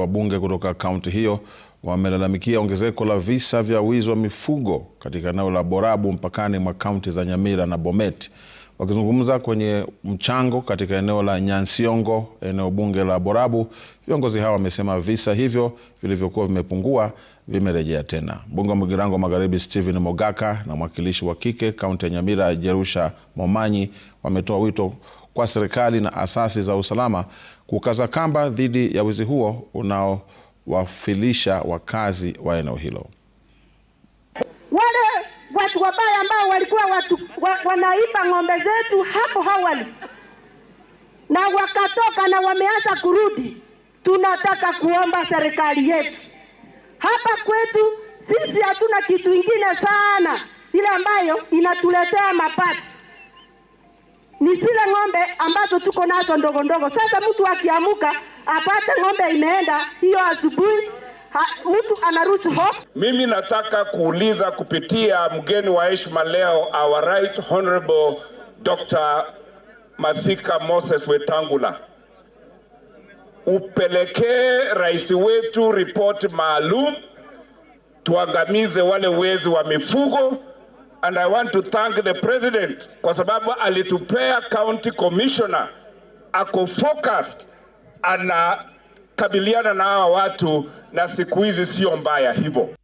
Wabunge kutoka kaunti hiyo wamelalamikia ongezeko la visa vya wizi wa mifugo katika eneo la Borabu mpakani mwa kaunti za Nyamira na Bomet. Wakizungumza kwenye mchango katika eneo la Nyansiongo, eneo bunge la Borabu, viongozi hao wamesema visa hivyo vilivyokuwa vimepungua vimerejea tena. Mbunge wa Mgirango Magharibi Stephen Mogaka na mwakilishi wa kike kaunti ya Nyamira Jerusha Momanyi wametoa wito kwa serikali na asasi za usalama kukaza kamba dhidi ya wizi huo unaowafilisha wakazi wa eneo hilo. Wale watu wabaya ambao walikuwa watu, wa, wanaiba ng'ombe zetu hapo awali na wakatoka na wameanza kurudi, tunataka kuomba serikali yetu hapa kwetu sisi hatuna kitu ingine sana ile ambayo inatuletea mapato ni zile ng'ombe ambazo tuko nazo ndogo ndogo. Sasa mtu akiamuka apate ng'ombe imeenda hiyo asubuhi, mtu anaruhusu ho. Mimi nataka kuuliza kupitia mgeni wa heshima leo, our right honorable Dr. Masika Moses Wetangula, upelekee rais wetu ripoti maalum, tuangamize wale wezi wa mifugo and I want to thank the president kwa sababu alitupea county commissioner ako focused, anakabiliana na hawa watu, na siku hizi sio mbaya hivyo.